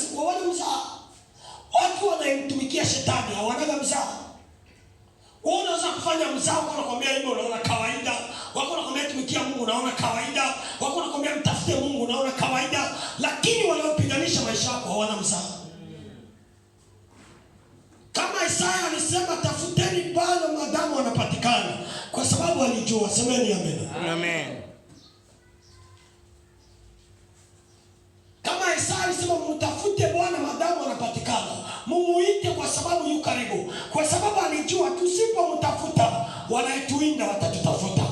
wasikuone mzaha. Watu wanaimtumikia shetani hawanaga mzaha. Wewe unaweza kufanya mzaha, wako nakwambia hivyo, unaona kawaida. Wako nakwambia tumikia Mungu, unaona kawaida. Wako nakwambia mtafute Mungu, unaona kawaida, lakini wanaopiganisha maisha yako hawana mzaha. Kama Isaya alisema tafuteni Bwana maadamu wanapatikana, kwa sababu alijua. Semeni amen, amen. kwa sababu alijua tusipomtafuta wanayetuinda watatutafuta.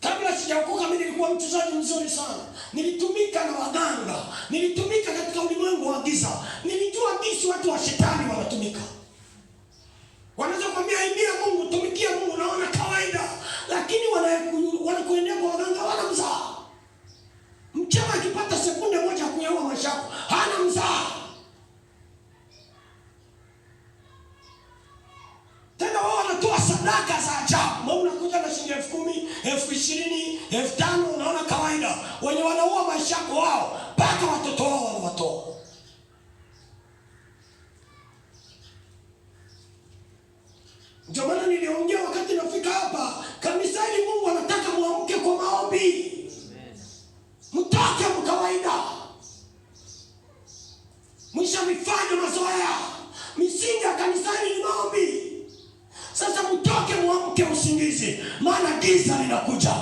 Kabla sijaokoka mimi nilikuwa mchezaji mzuri sana, nilitumika na waganga, nilitumika katika ulimwengu wa giza, nilijua jinsi watu wa shetani elfu tano unaona kawaida, wenye wanaua maisha yako wao mpaka watoto wao wanawatoa. Ndio maana niliongea wakati nafika hapa kanisani, Mungu anataka mwamke kwa maombi, mtoke mkawaida, mifanya mazoea. Misingi ya kanisani ni maombi. Sasa mtoke mwamke usingizi, maana giza linakuja.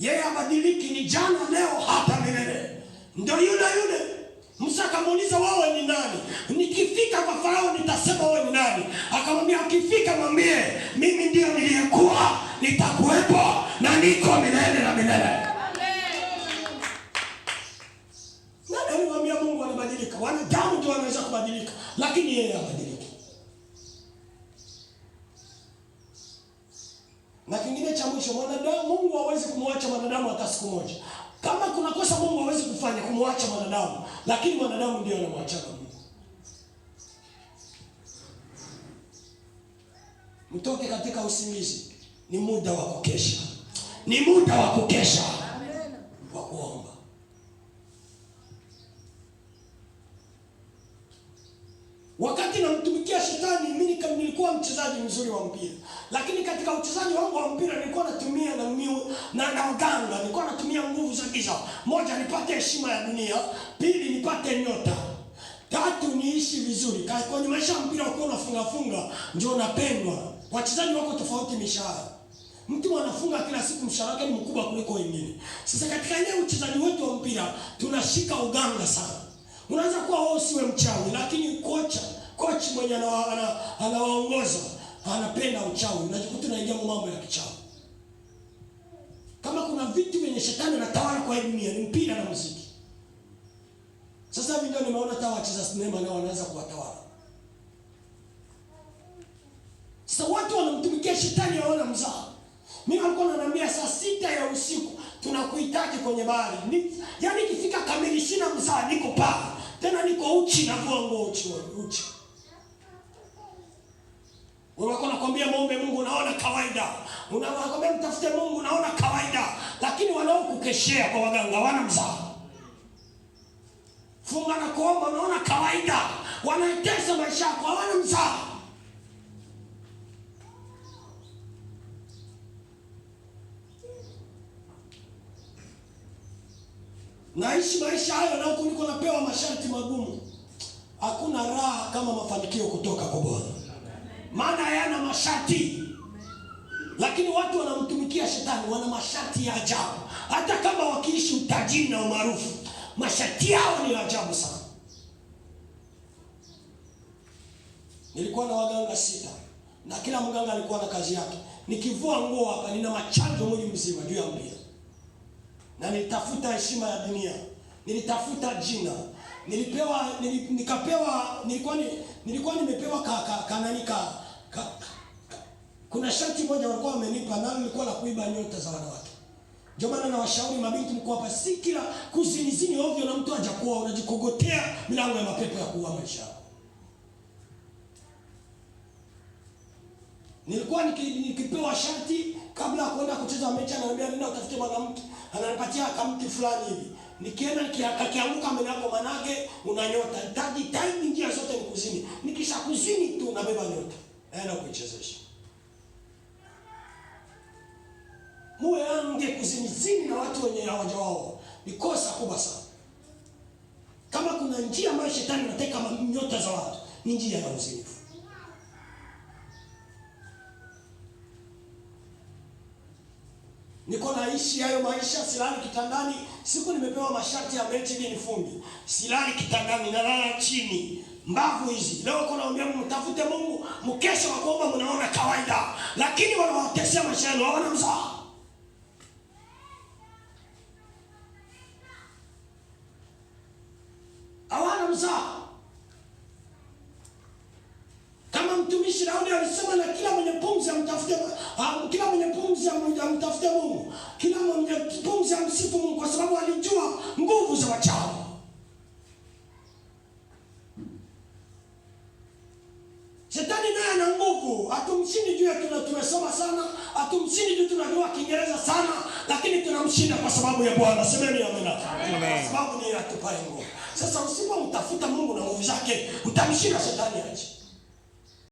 yeye abadiliki, ni jana, leo, hata milele. Ndio yule yule. Musa akamuuliza wewe ni nani? Nikifika kwa Farao nitasema wewe ni nani? Akamwambia akifika mwambie mimi ndio niliyekuwa, nitakuwepo na niko milele na milele. cha mwisho, mwanadamu, Mungu hawezi kumwacha mwanadamu hata siku moja. Kama kuna kosa Mungu hawezi kufanya kumwacha mwanadamu, lakini mwanadamu ndio anamwacha Mungu. Mtoke katika usingizi, ni muda wa kukesha, ni muda wa kukesha, wa kuomba. Wakati namtumikia Shetani, mimi nilikuwa mchezaji mzuri wa mpira lakini katika uchezaji wangu wa mpira nilikuwa natumia na miu, na, na uganga nilikuwa natumia nguvu za giza. Moja, nipate heshima ya dunia; pili, nipate nyota; tatu, niishi vizuri Kwa kwenye maisha ya mpira. Ukiwa unafunga funga ndio unapendwa, wachezaji wako tofauti mishahara mtu anafunga kila siku, mshahara wake ni mkubwa kuliko wengine. Sasa katika ile uchezaji wetu wa mpira tunashika uganga sana. Unaanza kuwa wewe usiwe mchawi, lakini kocha kocha mwenye anawaongoza ana, ana, anapenda uchawi, unajikuta unaingia mambo ya kichawi. Kama kuna vitu vyenye shetani anatawala kwa dunia ni mpira na muziki. Sasa hivi ndio nimeona hata wacheza sinema leo wanaanza kuwatawala. Sasa watu wanamtumikia shetani, waona mzaha. Mimi alikuwa ananiambia saa sita ya usiku tunakuhitaji kwenye bahari. Ni, yaani ikifika kamili sina mzaha, niko pa. Tena niko uchi na nguo uchi uchi. Unakuwa unakwambia muombe Mungu, naona kawaida. unakwambia mtafute Mungu, naona kawaida, lakini wanaokukeshea kwa waganga wana mzaa. Funga na kuomba, unaona kawaida, wanaitesa maisha yako, hawana mzaa. Naishi maisha hayo na huku niko napewa masharti magumu. Hakuna raha kama mafanikio kutoka kwa Bwana masharti, lakini watu wanamtumikia shetani, wana masharti ya ajabu. Hata kama wakiishi utajiri na umaarufu, masharti yao ni ajabu sana. Nilikuwa na waganga sita na kila mganga alikuwa na kazi yake. Nikivua nguo hapa, nina machanjo mwili mzima juu ya mbia, na nilitafuta heshima ya dunia, nilitafuta jina nilipewa nilip, nilikuwa nilikuwa nimepewa kaka ka, ka kuna sharti moja walikuwa wamenipa na nilikuwa na kuiba nyota za wanawake. Ndio maana nawashauri mabinti mko hapa, si kila kuzinizini ovyo na mtu aja kuoa unajikogotea milango ya mapepo ya kuua maisha. Nilikuwa nikipewa sharti kabla ya kwenda kucheza mechi, ananiambia nenda utafute mwanamke, ananipatia akamti fulani hivi. Nikienda nikianguka mlango, manake una nyota. Nitaji time, njia zote nikuzini. Nikishakuzini tu nabeba nyota. Naenda kuichezesha. muwe ange kuzimizini na watu wenye hawajawaoa ni kosa kubwa sana. Kama kuna njia ambayo shetani anateka nyota za watu ni njia ya uzinifu. Niko naishi hayo maisha, silali kitandani. Siku nimepewa masharti ya mechi ni nifungi, silali kitandani, nalala chini, mbavu hizi. Leo kuna kunaambia mtafute Mungu, mkesho wakuomba mnaona kawaida, lakini wanawatesea maisha yenu, hawana mzaa mzaa. Kama mtumishi Daudi alisema, na kila mwenye pumzi amtafute, ah, kila mwenye pumzi amtafute Mungu, kila mwenye pumzi amsifu Mungu, kwa sababu alijua nguvu za wachawi. Shetani naye ana nguvu, atumshindi juu ya kile tumesoma sana, atumshindi juu tunajua Kiingereza sana, lakini tunamshinda kwa sababu ya Bwana. Semeni amina, kwa sababu ni yatupaye nguvu. Sasa usipo mtafuta Mungu na nguvu zake, utamshinda shetani aje.